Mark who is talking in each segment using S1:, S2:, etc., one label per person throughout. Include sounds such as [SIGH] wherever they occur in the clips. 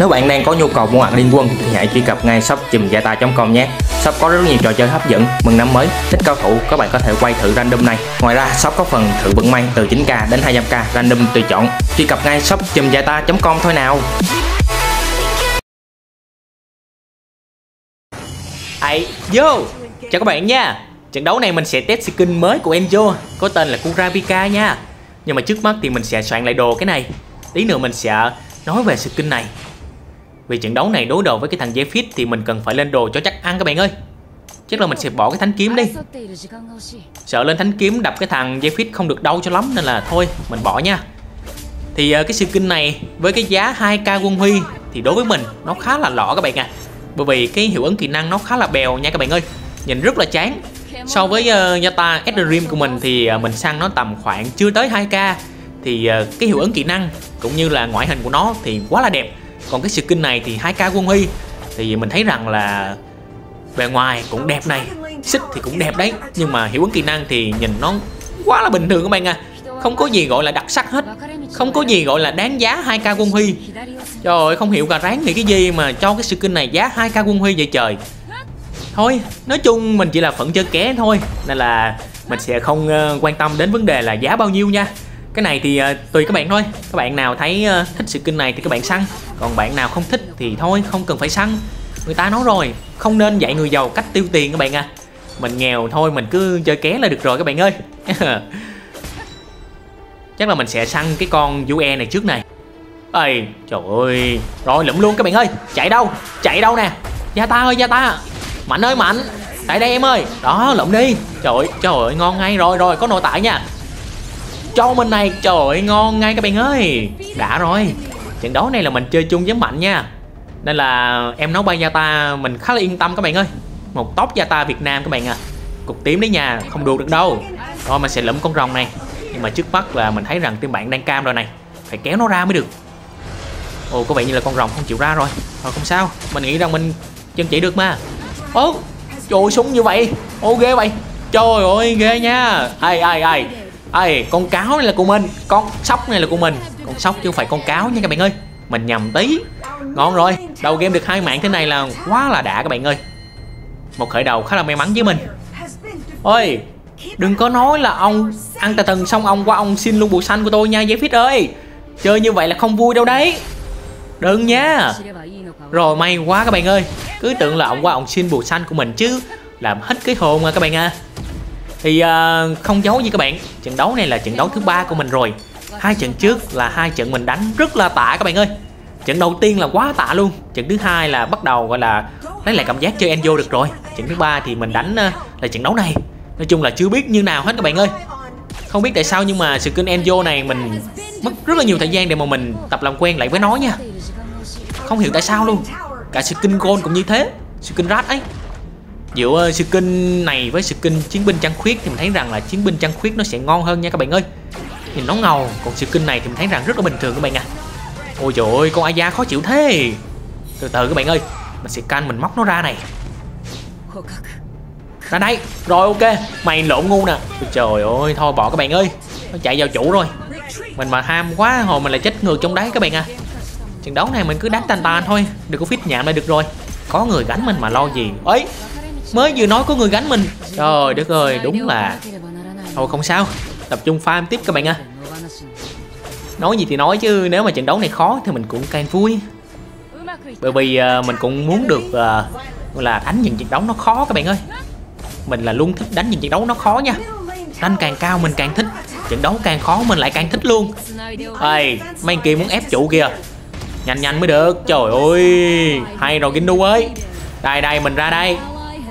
S1: Nếu bạn đang có nhu cầu mua hàng liên quân thì hãy truy cập ngay shop chùm com nhé. Shop có rất nhiều trò chơi hấp dẫn, mừng năm mới, thích cao thủ các bạn có thể quay thử random này. Ngoài ra shop có phần thử vận may từ 9k đến 200k random tùy chọn. Truy cập ngay shop chùm com thôi nào. Ấy, vô. Chào các bạn nha. Trận đấu này mình sẽ test skin mới của Enzo có tên là Kurapika nha. Nhưng mà trước mắt thì mình sẽ soạn lại đồ cái này. Tí nữa mình sẽ nói về skin này vì trận đấu này đối đầu với cái thằng Zephyr thì mình cần phải lên đồ cho chắc ăn các bạn ơi Chắc là mình sẽ bỏ cái thánh kiếm đi Sợ lên thánh kiếm đập cái thằng Zephyr không được đau cho lắm Nên là thôi mình bỏ nha Thì ờ, cái skin này với cái giá 2k quân huy Thì đối với mình nó khá là lọ các bạn ạ à. Bởi vì cái hiệu ứng kỹ năng nó khá là bèo nha các bạn ơi Nhìn rất là chán So với uh, ờ, Yata Ethereum của mình thì uh, mình sang nó tầm khoảng chưa tới 2k Thì uh, cái hiệu ứng kỹ năng cũng như là ngoại hình của nó thì quá là đẹp còn cái skin này thì hai k quân huy thì mình thấy rằng là bề ngoài cũng đẹp này xích thì cũng đẹp đấy nhưng mà hiệu ứng kỹ năng thì nhìn nó quá là bình thường các bạn à không có gì gọi là đặc sắc hết không có gì gọi là đáng giá 2k quân huy trời ơi không hiểu gà ráng thì cái gì mà cho cái skin này giá 2k quân huy vậy trời thôi nói chung mình chỉ là phận chơi ké thôi nên là mình sẽ không ờ, quan tâm đến vấn đề là giá bao nhiêu nha cái này thì ờ, tùy các bạn thôi các bạn nào thấy ờ, thích sự kinh này thì các bạn săn còn bạn nào không thích thì thôi không cần phải săn người ta nói rồi không nên dạy người giàu cách tiêu tiền các bạn à mình nghèo thôi mình cứ chơi ké là được rồi các bạn ơi [LAUGHS] chắc là mình sẽ săn cái con UE này trước này ây trời ơi rồi lụm luôn các bạn ơi chạy đâu chạy đâu nè gia ta ơi gia ta mạnh ơi mạnh tại đây em ơi đó lụm đi trời ơi trời ơi ngon ngay rồi rồi có nội tại nha cho mình này Trời ơi ngon ngay các bạn ơi Đã rồi Trận đấu này là mình chơi chung với Mạnh nha Nên là em nấu bay gia ta Mình khá là yên tâm các bạn ơi Một tóc ta Việt Nam các bạn à Cục tím đấy nha Không đùa được đâu Thôi mình sẽ lụm con rồng này Nhưng mà trước mắt là mình thấy rằng team bạn đang cam rồi này Phải kéo nó ra mới được Ồ có vẻ như là con rồng không chịu ra rồi Thôi không sao Mình nghĩ rằng mình chân chỉ được mà Ồ Trời ơi, súng như vậy Ô ghê vậy Trời ơi ghê nha Ai ai ai ê con cáo này là của mình con sóc này là của mình con sóc chứ không phải con cáo nha các bạn ơi mình nhầm tí ngon rồi đầu game được hai mạng thế này là quá là đã các bạn ơi một khởi đầu khá là may mắn với mình ơi đừng có nói là ông ăn tà thần xong ông qua ông xin luôn bộ xanh của tôi nha giấy phít ơi chơi như vậy là không vui đâu đấy đừng nha rồi may quá các bạn ơi cứ tưởng là ông qua ông xin bộ xanh của mình chứ làm hết cái hồn mà các bạn à thì uh, không giấu với các bạn trận đấu này là trận đấu thứ ba của mình rồi hai trận trước là hai trận mình đánh rất là tạ các bạn ơi trận đầu tiên là quá tạ luôn trận thứ hai là bắt đầu gọi là lấy lại cảm giác chơi enzo được rồi trận thứ ba thì mình đánh uh, là trận đấu này nói chung là chưa biết như nào hết các bạn ơi không biết tại sao nhưng mà sự kinh enzo này mình mất rất là nhiều thời gian để mà mình tập làm quen lại với nó nha không hiểu tại sao luôn cả skin gold cũng như thế skin rat ấy giữa skin này với skin chiến binh trăng khuyết thì mình thấy rằng là chiến binh trăng khuyết nó sẽ ngon hơn nha các bạn ơi nhìn nó ngầu còn skin này thì mình thấy rằng rất là bình thường các bạn à ôi trời ơi con aya khó chịu thế từ từ các bạn ơi mình sẽ canh mình móc nó ra này ra đây rồi ok mày lộn ngu nè trời ơi thôi bỏ các bạn ơi nó chạy vào chủ rồi mình mà ham quá hồi mình lại chết ngược trong đáy các bạn à trận đấu này mình cứ đánh tàn tàn thôi đừng có phít nhạm lại được rồi có người gánh mình mà lo gì ấy Mới vừa nói có người gánh mình Trời đất ơi đúng là Thôi không sao Tập trung farm tiếp các bạn ạ à. Nói gì thì nói chứ nếu mà trận đấu này khó thì mình cũng càng vui Bởi vì uh, mình cũng muốn được uh, là đánh những trận đấu nó khó các bạn ơi Mình là luôn thích đánh những trận đấu nó khó nha đánh càng cao mình càng thích Trận đấu càng khó mình lại càng thích luôn Ê, mấy kia muốn ép chủ kìa Nhanh nhanh mới được Trời ơi Hay rồi Gindu ơi Đây đây mình ra đây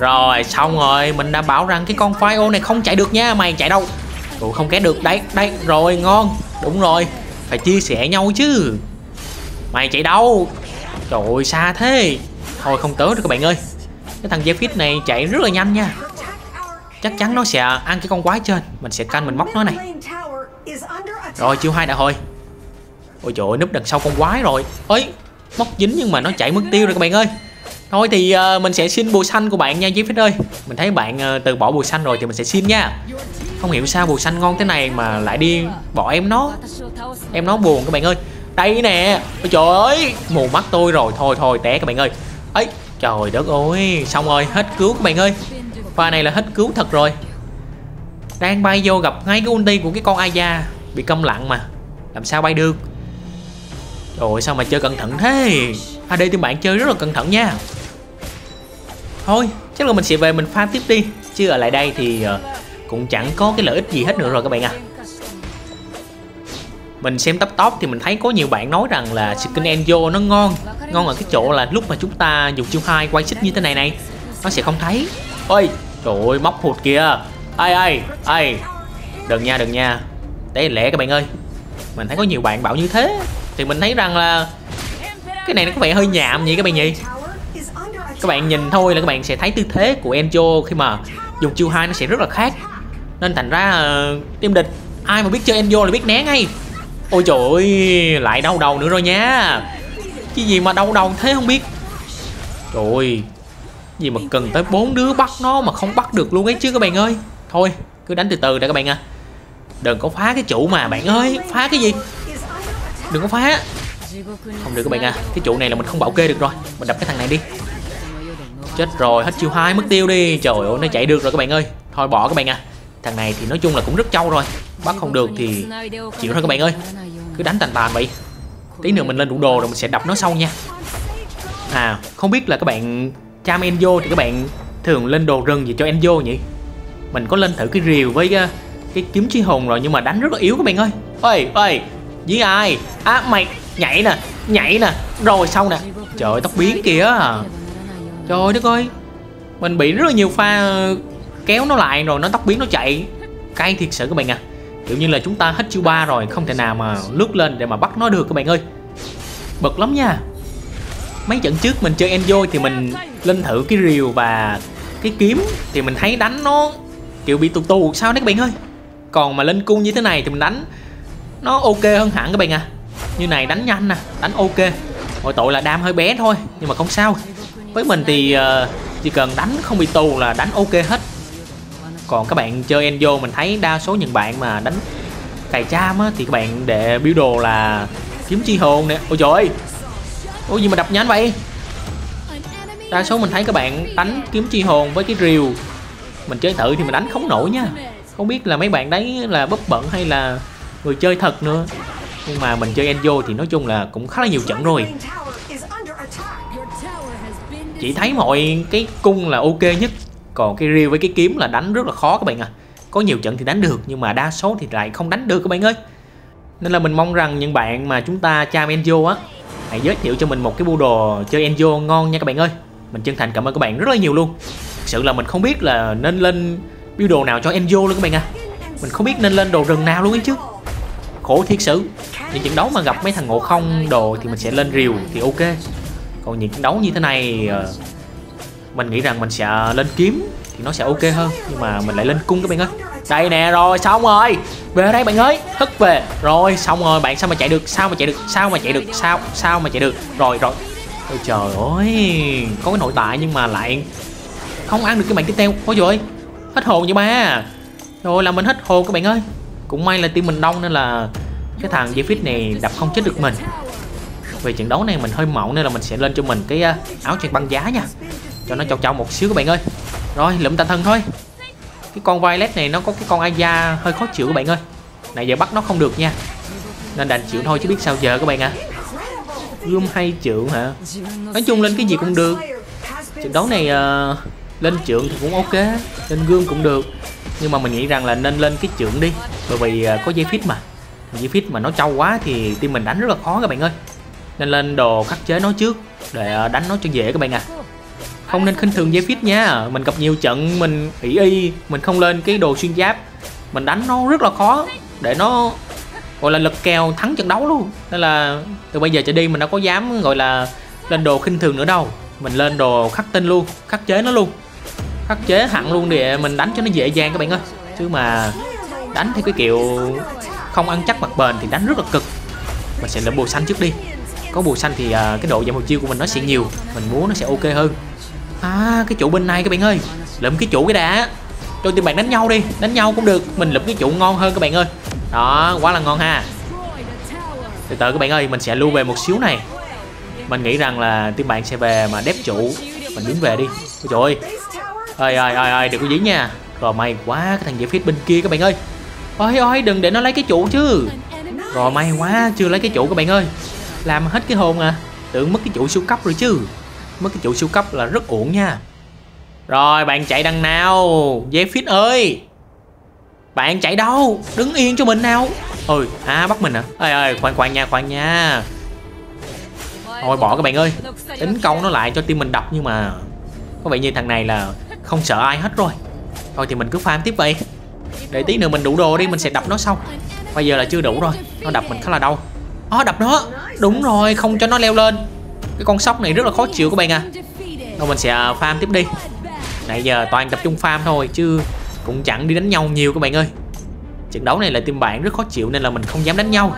S1: rồi xong rồi Mình đã bảo rằng cái con Fio này không chạy được nha Mày chạy đâu Tụi không kéo được Đấy đấy rồi ngon Đúng rồi Phải chia sẻ nhau chứ Mày chạy đâu Trời ơi xa thế Thôi không tới được các bạn ơi Cái thằng Zephyr này chạy rất là nhanh nha Chắc chắn nó sẽ ăn cái con quái trên Mình sẽ canh mình móc nó này Rồi chiêu hai đã hồi Ôi trời ơi núp đằng sau con quái rồi ấy Móc dính nhưng mà nó chạy mất tiêu rồi các bạn ơi Thôi thì uh, mình sẽ xin bùa xanh của bạn nha Jeffit ơi Mình thấy bạn uh, từ bỏ bùa xanh rồi thì mình sẽ xin nha Không hiểu sao bùa xanh ngon thế này mà lại đi bỏ em nó Em nó buồn các bạn ơi Đây nè Ôi trời ơi Mù mắt tôi rồi Thôi thôi té các bạn ơi ấy trời đất ơi Xong rồi hết cứu các bạn ơi Pha này là hết cứu thật rồi Đang bay vô gặp ngay cái ulti của cái con Aya Bị câm lặng mà Làm sao bay được Trời ơi sao mà chơi cẩn thận thế AD à, team bạn chơi rất là cẩn thận nha thôi chắc là mình sẽ về mình farm tiếp đi chứ ở lại đây thì ờ, cũng chẳng có cái lợi ích gì hết nữa rồi các bạn à mình xem top top thì mình thấy có nhiều bạn nói rằng là skin Enzo nó ngon ngon ở cái chỗ là lúc mà chúng ta dùng chiêu hai quay xích như thế này này nó sẽ không thấy ôi trời ơi móc hụt kìa ai ai ai đừng nha đừng nha đấy lẽ các bạn ơi mình thấy có nhiều bạn bảo như thế thì mình thấy rằng là cái này nó có vẻ hơi nhảm nhỉ các bạn nhỉ các bạn nhìn thôi là các bạn sẽ thấy tư thế của Enjo khi mà dùng chiêu hai nó sẽ rất là khác nên thành ra uh, team địch ai mà biết chơi Enjo là biết né ngay ôi trời ơi lại đau đầu nữa rồi nha cái gì mà đau đầu thế không biết trời ơi gì mà cần tới bốn đứa bắt nó mà không bắt được luôn ấy chứ các bạn ơi thôi cứ đánh từ từ đã các bạn à đừng có phá cái trụ mà bạn ơi phá cái gì đừng có phá không được các bạn à cái trụ này là mình không bảo kê được rồi mình đập cái thằng này đi Chết rồi, hết chiêu hai mất tiêu đi. Trời ơi, nó chạy được rồi các bạn ơi. Thôi bỏ các bạn à. Thằng này thì nói chung là cũng rất trâu rồi. Bắt không được thì chịu thôi các bạn ơi. Cứ đánh tàn tàn vậy. Tí nữa mình lên đủ đồ rồi mình sẽ đập nó sau nha. À, không biết là các bạn cham Enzo thì các bạn thường lên đồ rừng gì cho Enzo nhỉ? Mình có lên thử cái rìu với cái, ờ, cái kiếm chi hồn rồi nhưng mà đánh rất là yếu các bạn ơi. Ơi, ơi, với ai? À mày nhảy nè, nhảy nè, rồi xong nè. Trời ơi, tóc biến kìa trời đất ơi mình bị rất là nhiều pha ờ, kéo nó lại rồi nó tóc biến nó chạy cay thiệt sự các bạn à kiểu như là chúng ta hết chiêu ba rồi không thể nào mà lướt lên để mà bắt nó được các bạn ơi bực lắm nha mấy trận trước mình chơi enjoy thì mình lên thử cái rìu và cái kiếm thì mình thấy đánh nó kiểu bị tù tù sao đấy các bạn ơi còn mà lên cung như thế này thì mình đánh nó ok hơn hẳn các bạn à như này đánh nhanh nè à, đánh ok mọi tội là đam hơi bé thôi nhưng mà không sao với mình thì ờ, chỉ cần đánh không bị tù là đánh ok hết còn các bạn chơi Enzo mình thấy đa số những bạn mà đánh cày cham á thì các bạn để biểu đồ là kiếm chi hồn nè ôi trời ơi ôi gì mà đập nhanh vậy đa số mình thấy các bạn đánh kiếm chi hồn với cái rìu mình chơi thử thì mình đánh không nổi nha không biết là mấy bạn đấy là bất bận hay là người chơi thật nữa nhưng mà mình chơi Enzo thì nói chung là cũng khá là nhiều trận rồi chỉ thấy mọi cái cung là ok nhất còn cái riêu với cái kiếm là đánh rất là khó các bạn ạ à. có nhiều trận thì đánh được nhưng mà đa số thì lại không đánh được các bạn ơi nên là mình mong rằng những bạn mà chúng ta cham Enzo á hãy giới thiệu cho mình một cái bộ đồ chơi Enzo ngon nha các bạn ơi mình chân thành cảm ơn các bạn rất là nhiều luôn thật sự là mình không biết là nên lên build đồ nào cho Enzo luôn các bạn à mình không biết nên lên đồ rừng nào luôn ấy chứ khổ thiệt sự những trận đấu mà gặp mấy thằng ngộ không đồ thì mình sẽ lên rìu thì ok còn những trận đấu như thế này ờ, mình nghĩ rằng mình sẽ lên kiếm thì nó sẽ ok hơn nhưng mà mình lại lên cung các bạn ơi đây nè rồi xong rồi về đây bạn ơi hất về rồi xong rồi bạn sao mà chạy được sao mà chạy được sao mà chạy được sao sao mà chạy được rồi rồi ôi trời ơi có cái nội tại nhưng mà lại không ăn được cái bạn tiếp theo ôi trời hết hồn vậy ba rồi là mình hết hồn các bạn ơi cũng may là team mình đông nên là cái thằng dây này đập không chết được mình vì trận đấu này mình hơi mộng nên là mình sẽ lên cho mình cái à, áo choàng băng giá nha Cho nó chào chào một xíu các bạn ơi Rồi lượm tàn thân thôi Cái con Violet này nó có cái con Aya hơi khó chịu các bạn ơi Này giờ bắt nó không được nha Nên đành chịu thôi chứ biết sao giờ các bạn ạ à. Gươm hay trượng hả Nói chung lên cái gì cũng được Trận đấu này uh, lên trượng thì cũng ok Lên gương cũng được nhưng mà mình nghĩ rằng là nên lên cái trượng đi bởi vì à, có dây phít mà dây phít mà nó trâu quá thì team mình đánh rất là khó các bạn ơi nên lên đồ khắc chế nó trước để ờ, đánh nó cho dễ các bạn à không nên khinh thường dây fit nha mình gặp nhiều trận mình ỷ y mình không lên cái đồ xuyên giáp mình đánh nó rất là khó để nó gọi là lật kèo thắng trận đấu luôn nên là từ bây giờ trở đi mình đâu có dám gọi là lên đồ khinh thường nữa đâu mình lên đồ khắc tinh luôn khắc chế nó luôn khắc chế hẳn luôn để mình đánh cho nó dễ dàng các bạn ơi chứ mà đánh theo cái kiểu không ăn chắc mặt bền thì đánh rất là cực mình sẽ lên bồ xanh trước đi có màu xanh thì uh, cái độ giảm màu chiêu của mình nó sẽ nhiều mình muốn nó sẽ ok hơn à cái chủ bên này các bạn ơi lượm cái chủ cái đã cho tụi bạn đánh nhau đi đánh nhau cũng được mình lượm cái chủ ngon hơn các bạn ơi đó quá là ngon ha từ từ các bạn ơi mình sẽ lưu về một xíu này mình nghĩ rằng là team bạn sẽ về mà đép chủ mình đứng về đi ôi trời ơi ơi ơi ơi ơi đừng có dí nha rồi may quá cái thằng giải phít bên kia các bạn ơi ôi ôi đừng để nó lấy cái chủ chứ rồi may quá chưa lấy cái chủ các bạn ơi làm hết cái hồn à tưởng mất cái trụ siêu cấp rồi chứ mất cái trụ siêu cấp là rất uổng nha rồi bạn chạy đằng nào Zephyr ơi Bạn chạy đâu Đứng yên cho mình nào Ôi à bắt mình à Ê ơi khoan khoan nha khoan nha Thôi bỏ các bạn ơi Tính công nó lại cho tim mình đập nhưng mà Có vẻ như thằng này là không sợ ai hết rồi Thôi thì mình cứ farm tiếp vậy Để tí nữa mình đủ đồ đi mình sẽ đập nó xong Bây giờ là chưa đủ rồi Nó đập mình khá là đau Ó à, đập nó Đúng rồi không cho nó leo lên Cái con sóc này rất là khó chịu các bạn à Thôi mình sẽ à, farm tiếp đi Nãy giờ toàn tập trung farm thôi chứ Cũng chẳng đi đánh nhau nhiều các bạn ơi Trận đấu này là team bạn rất khó chịu nên là mình không dám đánh nhau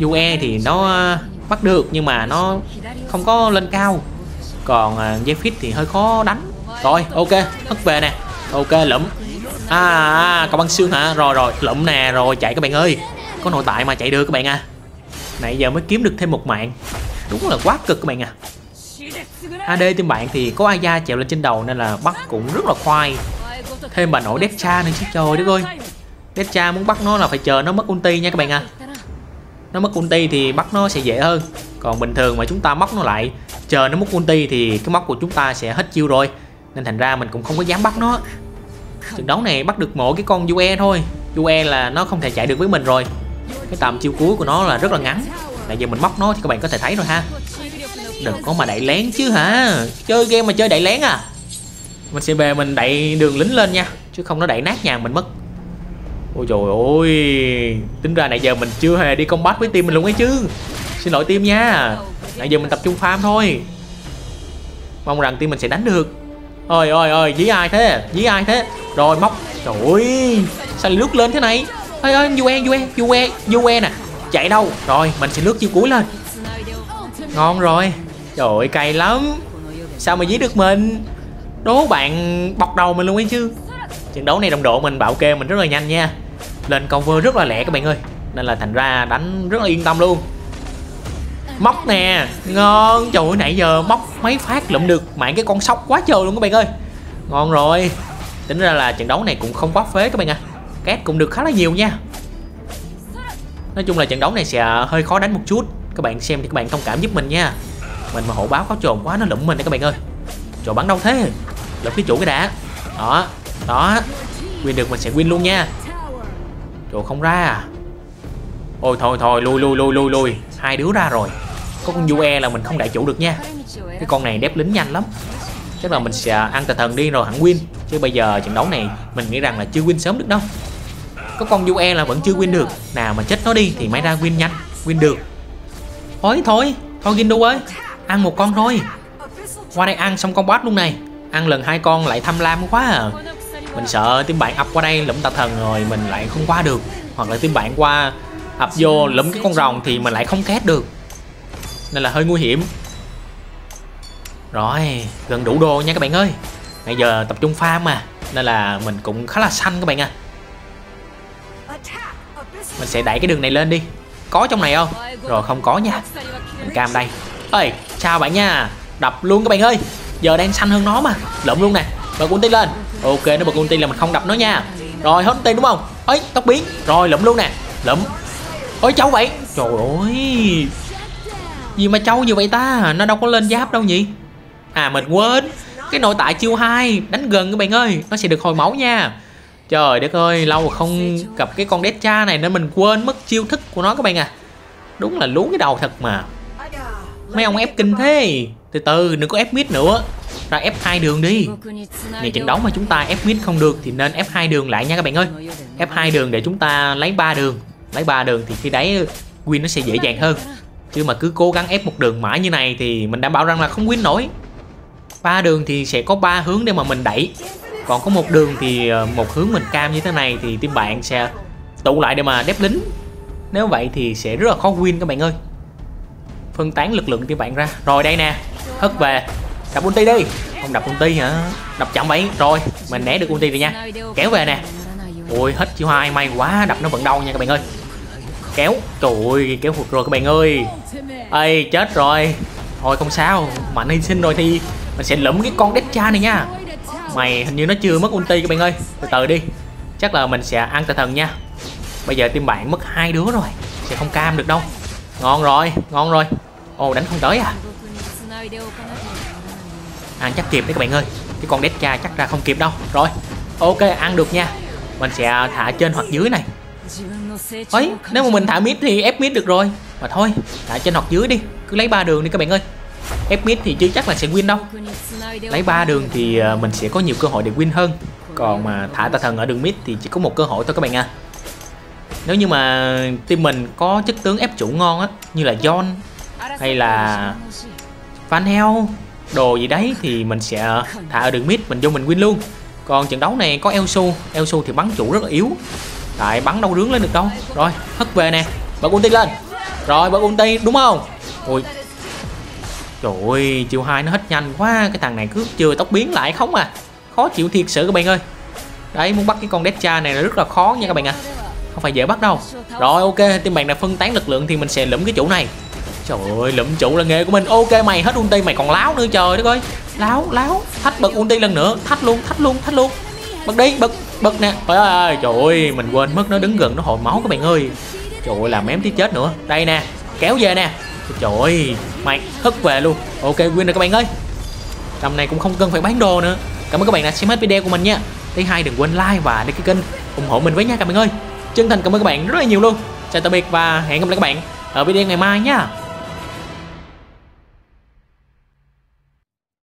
S1: UE thì nó à, bắt được nhưng mà nó không có lên cao Còn Zephyr à, thì hơi khó đánh Rồi ok hất về nè Ok lụm À, à cậu băng xương hả Rồi rồi lụm nè rồi chạy các bạn ơi Có nội tại mà chạy được các bạn à Nãy giờ mới kiếm được thêm một mạng Đúng là quá cực các bạn à AD team bạn thì có Aya chèo lên trên đầu nên là bắt cũng rất là khoai Thêm bà nội Decha nữa chứ trời đất ơi Decha muốn bắt nó là phải chờ nó mất ulti nha các bạn à Nó mất ulti thì bắt nó sẽ dễ hơn Còn bình thường mà chúng ta móc nó lại Chờ nó mất ulti thì cái móc của chúng ta sẽ hết chiêu rồi Nên thành ra mình cũng không có dám bắt nó Trận đấu này bắt được mỗi cái con UE thôi UE là nó không thể chạy được với mình rồi cái tầm chiêu cuối của nó là rất là ngắn nãy giờ mình móc nó thì các bạn có thể thấy rồi ha đừng có mà đẩy lén chứ hả chơi game mà chơi đẩy lén à mình sẽ về mình đẩy đường lính lên nha chứ không nó đẩy nát nhà mình mất ôi trời ơi tính ra nãy giờ mình chưa hề đi combat với team mình luôn ấy chứ xin lỗi team nha nãy giờ mình tập trung farm thôi mong rằng team mình sẽ đánh được ơi ơi ơi dí ai thế dí ai thế rồi móc trời ơi sao lướt lên thế này ơi ơi Yue Yue Yue Yue nè chạy đâu rồi mình sẽ lướt chiêu cuối lên ngon rồi trời ơi cay lắm sao mà dí được mình đố bạn bọc đầu mình luôn ấy chứ trận đấu này đồng độ mình bảo kê mình rất là nhanh nha lên cầu cover rất là lẹ các bạn ơi nên là thành ra đánh rất là yên tâm luôn móc nè ngon trời ơi nãy giờ móc mấy phát lụm được mạng cái con sóc quá trời luôn các bạn ơi ngon rồi tính ra là trận đấu này cũng không quá phế các bạn ạ à. Két cũng được khá là nhiều nha Nói chung là trận đấu này sẽ hơi khó đánh một chút Các bạn xem thì các bạn thông cảm giúp mình nha Mình mà hộ báo có trồn quá nó lụm mình đấy các bạn ơi Trồn bắn đâu thế Lụm cái chủ cái đã Đó Đó Win được mình sẽ win luôn nha Trồn không ra Ôi thôi thôi lui lui lui lui lui Hai đứa ra rồi Có con UE là mình không đại chủ được nha Cái con này đép lính nhanh lắm Chắc là mình sẽ ăn tà thần đi rồi hẳn win Chứ bây giờ trận đấu này mình nghĩ rằng là chưa win sớm được đâu có con UE e là vẫn chưa win được nào mà chết nó đi thì mới ra win nhanh win được thôi thôi thôi Gindu ơi ăn một con thôi qua đây ăn xong con boss luôn này ăn lần hai con lại tham lam quá à mình sợ team bạn ập qua đây lụm tà thần rồi mình lại không qua được hoặc là team bạn qua ập vô lụm cái con rồng thì mình lại không két được nên là hơi nguy hiểm rồi gần đủ đồ nha các bạn ơi bây giờ tập trung farm mà nên là mình cũng khá là xanh các bạn à mình sẽ đẩy cái đường này lên đi có trong này không rồi không có nha mình cam đây ơi chào bạn nha đập luôn các bạn ơi giờ đang xanh hơn nó mà lộn luôn nè bật ulti lên ok nó bật ulti là mình không đập nó nha rồi hết ulti đúng không ấy tóc biến rồi lụm luôn nè lụm ôi cháu vậy trời ơi gì mà trâu như vậy ta nó đâu có lên giáp đâu nhỉ à mình quên cái nội tại chiêu hai đánh gần các bạn ơi nó sẽ được hồi máu nha Trời đất ơi, lâu rồi không gặp cái con Decha này nên mình quên mất chiêu thức của nó các bạn à. Đúng là lú cái đầu thật mà. Mấy ông ép kinh thế. Từ từ, đừng có ép mít nữa. Ra ép hai đường đi. Ngày trận đấu mà chúng ta ép mít không được thì nên ép hai đường lại nha các bạn ơi. Ép hai đường để chúng ta lấy ba đường. Lấy ba đường thì khi đấy win nó sẽ dễ dàng hơn. Chứ mà cứ cố gắng ép một đường mãi như này thì mình đảm bảo rằng là không win nổi. Ba đường thì sẽ có ba hướng để mà mình đẩy còn có một đường thì ờ, một hướng mình cam như thế này thì team bạn sẽ tụ lại để mà đép lính nếu vậy thì sẽ rất là khó win các bạn ơi phân tán lực lượng team bạn ra rồi đây nè hất về đập ulti đi không đập ulti hả đập chậm vậy rồi mình né được ulti rồi nha kéo về nè ui hết chiêu hai may quá đập nó vẫn đau nha các bạn ơi kéo trời ơi kéo hụt rồi các bạn ơi ây chết rồi thôi không sao mạnh hy sinh rồi thì mình sẽ lượm cái con đét cha này nha mày hình như nó chưa mất ulti các bạn ơi từ từ đi chắc là mình sẽ ăn tà thần nha bây giờ team bạn mất hai đứa rồi sẽ không cam được đâu ngon rồi ngon rồi ồ đánh không tới à ăn chắc kịp đấy các bạn ơi cái con đét cha chắc ra không kịp đâu rồi ok ăn được nha mình sẽ thả trên hoặc dưới này ấy nếu mà mình thả mít thì ép mít được rồi mà thôi thả trên hoặc dưới đi cứ lấy ba đường đi các bạn ơi ép mid thì chưa chắc là sẽ win đâu lấy ba đường thì ờ, mình sẽ có nhiều cơ hội để win hơn còn mà thả tà thần ở đường mid thì chỉ có một cơ hội thôi các bạn à nếu như mà team mình có chức tướng ép chủ ngon á như là John hay là Van Hell đồ gì đấy thì mình sẽ thả ở đường mid mình vô mình win luôn còn trận đấu này có Elsu Elsu thì bắn chủ rất là yếu tại bắn đâu rướng lên được đâu rồi hất về nè bật ulti lên rồi bật ulti đúng không ui Trời ơi, chiều 2 nó hết nhanh quá Cái thằng này cứ chưa tóc biến lại không à Khó chịu thiệt sự các bạn ơi Đấy, muốn bắt cái con cha này là rất là khó nha các bạn ạ à. Không phải dễ bắt đâu Rồi, ok, team bạn đã phân tán lực lượng thì mình sẽ lượm cái chủ này Trời ơi, lụm chủ là nghề của mình Ok, mày hết ulti mày còn láo nữa trời đất ơi Láo, láo, thách bật ulti lần nữa Thách luôn, thách luôn, thách luôn Bật đi, bật, bật nè Trời ơi, trời ơi, mình quên mất nó đứng gần nó hồi máu các bạn ơi Trời ơi, làm mém tí chết nữa Đây nè, kéo về nè Trời ơi, mày hất về luôn ok win rồi các bạn ơi tầm này cũng không cần phải bán đồ nữa cảm ơn các bạn đã xem hết video của mình nha thứ hai đừng quên like và đăng ký kênh ủng hộ mình với nha các bạn ơi chân thành cảm ơn các bạn rất là nhiều luôn chào tạm biệt và hẹn gặp lại các bạn ở video ngày mai nha